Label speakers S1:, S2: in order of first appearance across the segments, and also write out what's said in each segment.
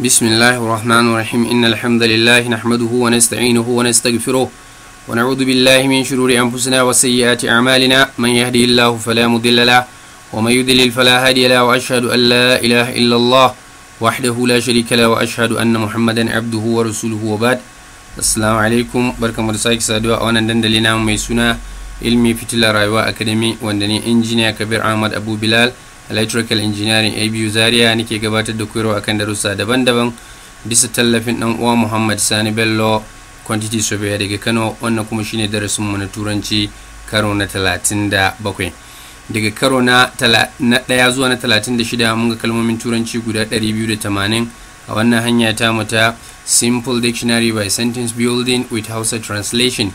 S1: بسم الله الرحمن الرحيم إن الحمد لله نحمده ونستعينه ونستغفره ونعوذ بالله من شرور أنفسنا وسيئات أعمالنا من يهدي الله فلا مضل له ومن يضلل فلا هادي له وأشهد أن لا إله إلا الله وحده لا شريك له وأشهد أن محمدا عبده ورسوله وبعد السلام عليكم بركة مرسايك سادوا وانا دندلنا وميسونا علمي فتلا رايوا أكاديمي واندني إنجيني كبير أحمد أبو بلال electrical engineering abu zaria nake gabatar da koyarwa akan darussa daban-daban bisa tallafin dan uwa muhammad sani bello quantity surveyor daga kano wannan kuma shine darasin mu na turanci karo na 37 daga karo na 1 zuwa na 36 mun ga kalmomin turanci guda 280 a wannan hanya ta mu ta simple dictionary by sentence building with hausa translation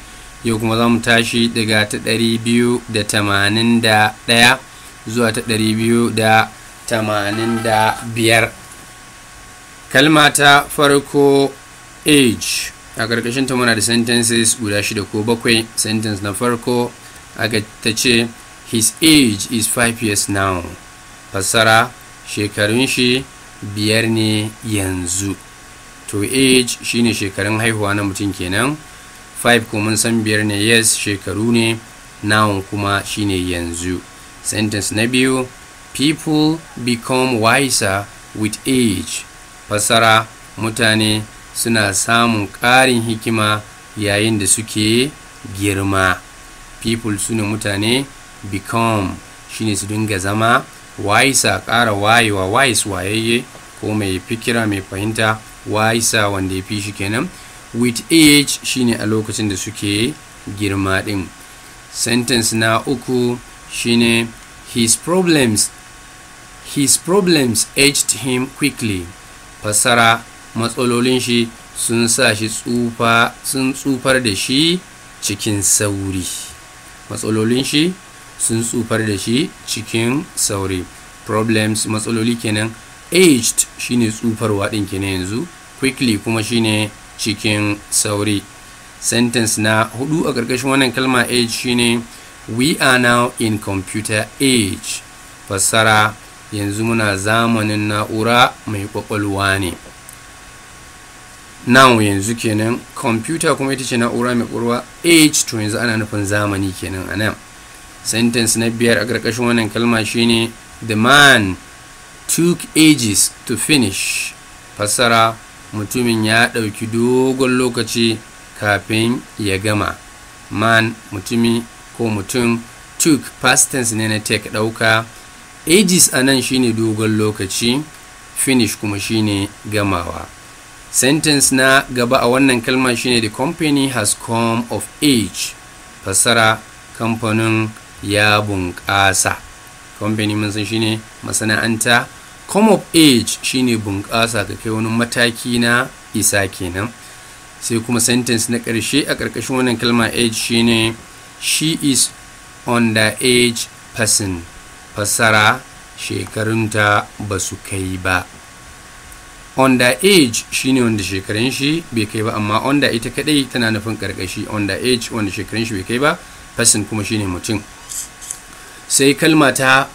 S1: yau kuma za mu tashi daga ta 281 zuwa ta ɗari biyu da tamanin da biyar kalma ta farko age a ƙarƙashin ta muna da sentences guda shida ko bakwai sentence na farko aka ta ce his age is five years now fassara shekarun shi biyar ne yanzu to age shine shekarun haihuwa na mutum kenan five kuma mun san biyar ne yes shekaru ne now kuma shine yanzu sentence na biyu people become wiser with age fasara mutane suna samun ƙarin hikima yayin da suke girma people su mutane become shine su dinga zama wiser, ƙara wayewa wise, wayayye ko mai fikira mai fahimta wiser wanda ya fi shi kenan with age shine a lokacin da suke girma ɗin sentence na uku shine His problems His problems aged him quickly. Fassara matsalolin shi sun sa shi tsufa sun tsufar da shi cikin sauri. Matsalolin shi sun tsufar da shi cikin sauri. Problems matsaloli kenan aged shine tsufarwa din kenan yanzu quickly kuma shine cikin sauri. Sentence na hudu a ƙarƙashin wannan kalma age shine we are now in computer age fasara yanzu muna zamanin na'ura mai kwakwalwa ne now yanzu kenan computer kuma ita ce na'ura mai kwakwalwa age to yanzu ana nufin zamani kenan a nan sentence na biyar a ƙarƙashin wannan kalma shine the man took ages to finish fasara mutumin ya ɗauki dogon lokaci kafin ya gama man mutumi ko mutum took past tense ne na take ɗauka ages a nan shine dogon lokaci finish kuma shine gamawa sentence na gaba a wannan kalma shine the company has come of age fasara kamfanin ya bunƙasa company mun san shine masana'anta come of age shine bunƙasa ka kai wani mataki na isa kenan sai kuma sentence na ƙarshe a ƙarƙashin wannan kalma age shine she is underage person fassara shekarunta ba su kai ba underage shine wanda shekarun shi bai kai ba amma under ita kadai tana nufin karkashi underage wanda shekarun shi bai kai ba person kuma shine mutum sai kalma ta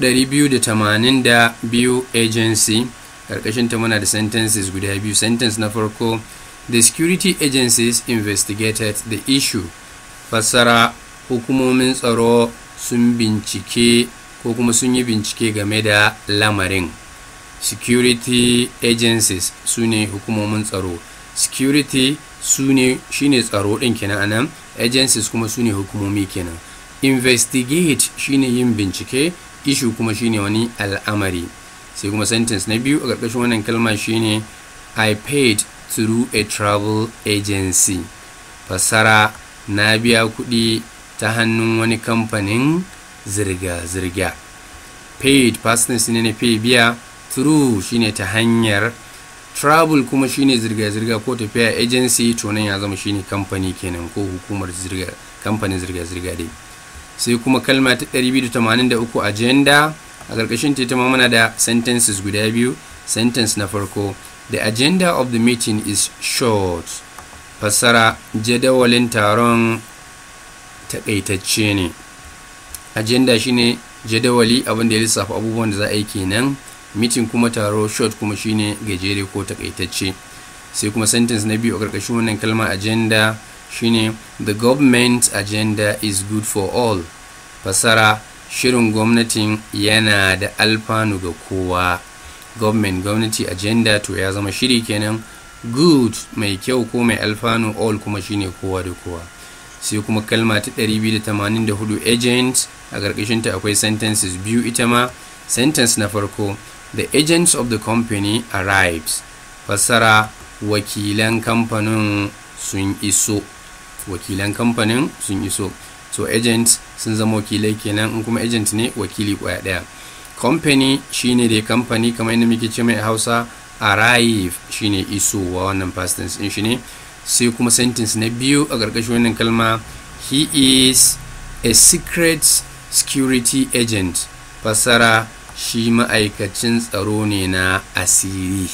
S1: 282 agency ta muna da sentences guda biyu sentence na farko the security agencies investigated the issue fassara hukumomin tsaro sun bincike ko kuma sun yi bincike game da lamarin security agencies su ne hukumomin tsaro security su ne shi ne tsaro ɗin kenan anan agencies kuma su ne hukumomi kenan investigate shi ne yin bincike ishu kuma shi ne wani al'amari sai kuma sentence na biyu a ƙarƙashin wannan kalma shi ne. i paid through a travel agency fassara na biya kuɗi ta hannun wani kamfanin zirga-zirga paid personal ne na pay biya through shine ta hanyar travel kuma shine zirga-zirga ko tafiya agency to nan ya zama shine kamfani kenan ko hukumar zirga kamfanin zirga-zirga dai sai kuma kalma ta 283 agenda a ƙarƙashin ta ma muna da sentences guda biyu sentence na farko the agenda of the meeting is short fassara jadawalin taron takaitacce ne ajenda shine jadawali abin da ya lissafa abubuwan da za a yi kenan mitin kuma taro short kuma shine gajere ko takaitacce sai kuma sentence na biyu a ƙarƙashin wannan kalma agenda shine the government agenda is good for all fasara shirin gwamnatin yana da alfanu ga kowa government gwamnati agenda to ya zama shiri kenan good mai kyau ko mai alfanu all kuma shine kowa da kowa sai kuma kalma ta 284 agents a ƙarƙashinta akwai sentences biyu ita ma sentence na farko the agents of the company arrives fassara wakilan kamfanin sun iso wakilan kamfanin sun iso so agents sun zama wakilai kenan in kuma agent ne wakili kwaya daya company shine dai kamfani kamar yadda muke ce mai hausa arrive shine isowa wannan past tense din shi ne sai kuma sentence na biyu a ƙarƙashin wannan kalma he is a secret security agent fasara shi ma'aikacin tsaro ne na asiri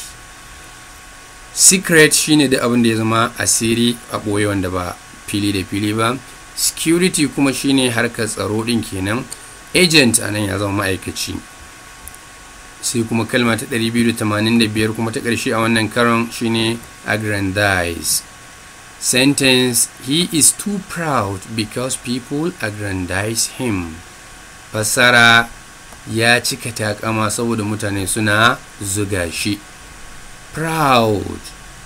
S1: secret shine da abin da ya zama asiri a ɓoye wanda ba fili da fili ba security kuma shine harkar tsaro din kenan agent a nan ya zama ma'aikaci sai kuma kalma ta 285 kuma ta ƙarshe a wannan karon shine aggrandize sentence he is too proud because people aggrandize him fassara ya cika takama saboda mutane suna zuga shi proud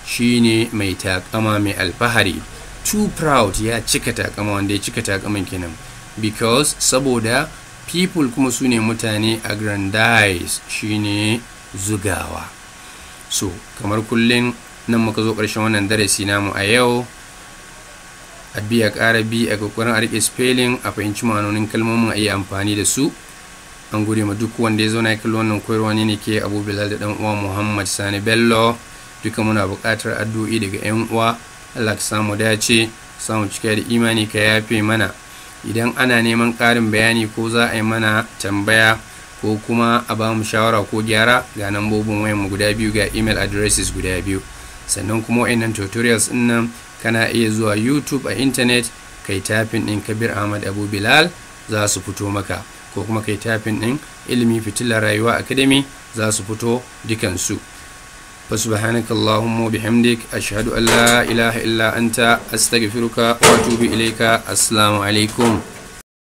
S1: shine mai takama mai alfahari too proud ya cika takama wanda ya cika takaman kenan because saboda people kuma su ne mutane aggrandize shine zugawa so kamar kullum nan muka zo ƙarshen wannan darasi namu a yau a biya ƙara bi a kokarin a riƙe spelling a fahimci ma'anonin kalmomin a iya amfani da su an gode ma duk wanda ya zauna ya kalli wannan koyarwa ne ne ke abu bilal da dan uwa muhammad sani bello duka muna buƙatar addu'o'i daga yan uwa allah ka samu dace samu cika da imani ka yafe mana idan ana neman ƙarin bayani ko za a yi mana tambaya ko kuma a ba mu shawara ko gyara ga nambobin wayan mu guda biyu ga email addresses guda biyu sannan kuma wayannan tutorials din nan kana iya zuwa YouTube a internet kai tafin din Kabir Ahmad Abu Bilal za su fito maka ko kuma kai tafin din ilimi fitilar rayuwa academy za su fito dukansu فسبحانك اللهم وبحمدك أشهد أن لا إله إلا أنت أستغفرك وأتوب إليك السلام عليكم